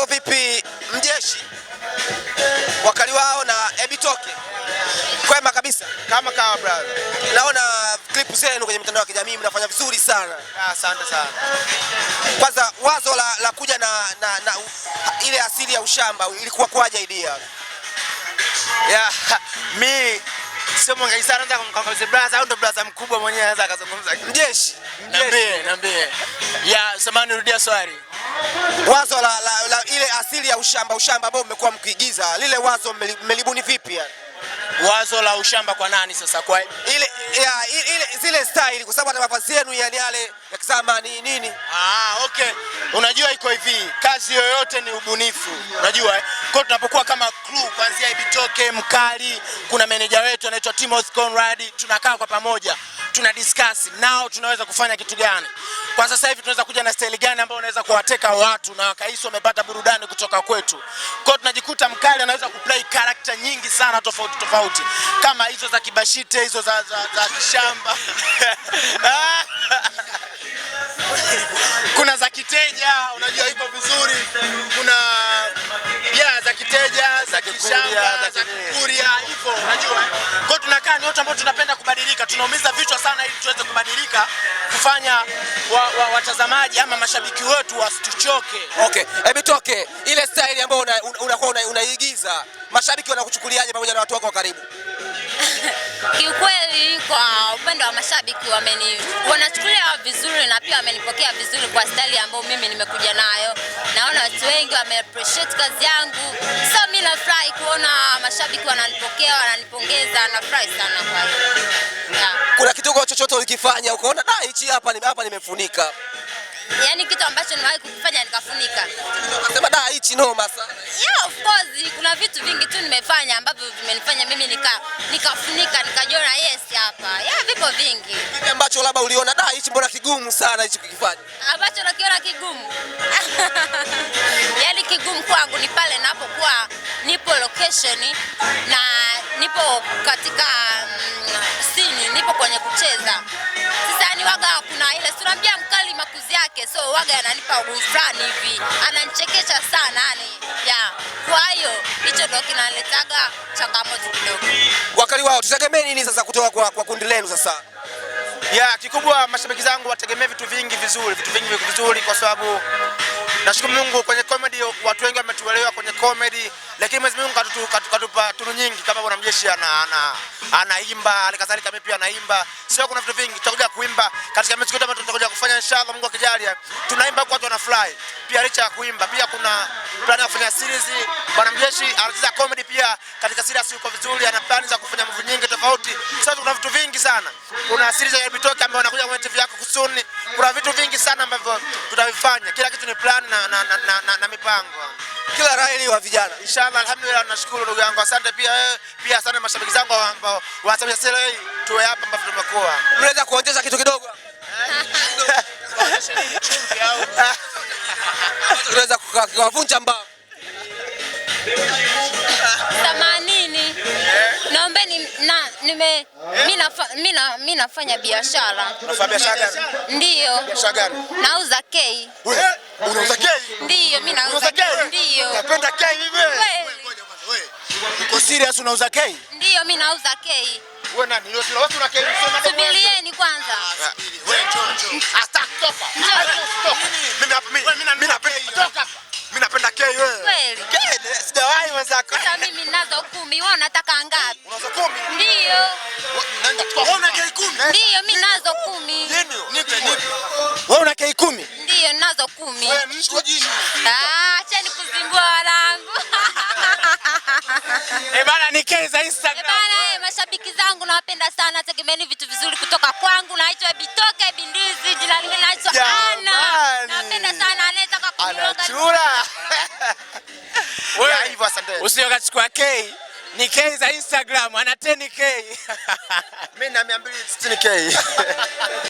Mambo vipi mjeshi? Wakali wao na Ebitoke. Kwema kabisa kama kawa brother. Naona clip zenu kwenye mitandao ya kijamii mnafanya vizuri sana. Ah, asante sana. Kwanza wazo la, la kuja na, na, na ile asili ya ushamba ilikuwa kwaje idea? Yeah, mi sio mwangaji sana nataka kumkabidhi brother au ndo brother mkubwa mwenyewe anaweza akazungumza. Mjeshi, mjeshi. Niambie, niambie. Ya, samani rudia swali wazo la, la, la ile asili ya ushamba ushamba ambao mmekuwa mkiigiza, lile wazo mmelibuni vipi ya? Wazo la ushamba kwa nani sasa? Kwa ile ya, ile zile style, kwa sababu hata mavazi yenu yani yale ya kizamani nini. Ah, okay. Unajua iko hivi, kazi yoyote ni ubunifu, unajua eh? Kwa tunapokuwa kama crew kuanzia Ibitoke, Mkali, kuna meneja wetu anaitwa Timothy Conrad, tunakaa kwa pamoja tuna discuss nao tunaweza kufanya kitu gani kwa sasa hivi, tunaweza kuja na style gani ambayo unaweza kuwateka watu na wakahisi wamepata burudani kutoka kwetu. Kwa tunajikuta mkali anaweza kuplay character nyingi sana tofauti tofauti, kama hizo za kibashite hizo za, za, za kishamba kuna za kiteja, unajua iko vizuri, kuna shamba za kuria hivyo, unajua Kwa tunakaa ni watu ambao tunapenda kubadilika, tunaumiza vichwa sana ili tuweze kubadilika kufanya wa, wa, watazamaji ama mashabiki wetu wasituchoke. Okay, hebu toke ile style ambayo unakuwa una, unaigiza una mashabiki wanakuchukuliaje pamoja na watu wako wa karibu? Kiukweli, kwa upande wa mashabiki wameni wanachukulia vizuri na pia wamenipokea vizuri kwa stali ambayo mimi nimekuja nayo. Naona watu wengi wame appreciate kazi yangu mashabiki wananipokea, wananipongeza, nafurahi sana kwa hiyo. Kuna kitu kwa chochote ulikifanya ukaona da ah, hichi hapa ni hapa nimefunika? Yaani kitu ambacho nimewahi kukifanya nikafunika. Unasema da ah, hichi noma sana. Yeah, of course kuna vitu vingi tu nimefanya ambavyo vimenifanya mimi nika nikafunika nikajiona yes hapa. Yeah, vipo vingi. Kile ambacho labda uliona da ah, hichi mbona kigumu sana hichi kukifanya? Ambacho nakiona kigumu. Yaani kigumu kwangu ni pale napokuwa nipo location na nipo katika um, mm, sini, nipo kwenye kucheza. Sasa ni waga kuna ile sinambia mkali makuzi yake, so waga ananipa ugui fulani hivi, ananichekesha sana yani ya Kwa hiyo hicho ndo kinaletaga changamoto kidogo. Wakali wao tutegemee nini sasa kutoka kwa, kwa kundi lenu sasa? Ya, kikubwa mashabiki zangu wategemee vitu vingi vizuri, vitu vingi vizuri kwa sababu Nashukuru Mungu kwenye comedy watu wengi wametuelewa kwenye comedy, lakini Mwenyezi Mungu katutu, katutu, katupa tunu nyingi kama bwana mjeshi ana, ana, anaimba mimi pia anaimba. Sio kuna vitu vingi tutakuja kuimba katika mechi yote ambayo tutakuja kufanya inshallah, Mungu akijalia, tunaimba kwa watu wana fly Pia licha ya kuimba pia kuna plan ya kufanya series. Bwana mjeshi anacheza comedy pia katika series yuko vizuri, ana plan za kufanya movie nyingi tofauti vingi sana. Kuna asili za Bitoke ambayo wanakuja kwenye TV yako kusuni. Kuna vitu vingi sana ambavyo tutavifanya. Kila kitu ni plan na, na, na, na, na, na mipango. Kila raili wa vijana. Inshallah, alhamdulillah, nashukuru ndugu yangu. Asante pia wewe, pia asante mashabiki zangu ambao wasabisha sasa hii tuwe hapa ambapo tumekuwa. Mnaweza kuongeza kitu kidogo? Tunaweza eh? kuwavunja mbao. Themanini. Eh? Naombe ni na nime mimi nafanya biashara. Unafanya biashara gani? Ndio. Biashara gani? Nauza kei. Wewe unauza kei? Ndio, mimi nauza kei. Ndio. Unapenda kei wewe? Wewe. Uko serious unauza kei? Ndio, mimi nauza kei. Wewe nani? Ndio, sio watu na kei. Subirieni kwanza. Wewe njoo njoo. Hata kutoka. Kweli kweli. Sijawahi mwenzako. Sasa mimi ninazo kumi, wewe unataka ngapi? Unazo kumi? Ndio. Wewe una kei kumi? Ndio, mimi nazo kumi. Nipe nipe. Wewe una kei kumi? Ndio, nazo kumi. Wewe mtu jini. Ah, acha nikuzimbua wanangu. Eh, bana ni kei za Instagram. Eh, bana eh, mashabiki zangu nawapenda sana, tegemeni vitu vizuri kutoka kwangu. Naitwa Bitoke Bindizi, jina langu naitwa Ana. Napenda sana anayetaka kuniroga. Anachura usio kachukua K ni K za Instagram ana 10K. Mimi na 260K.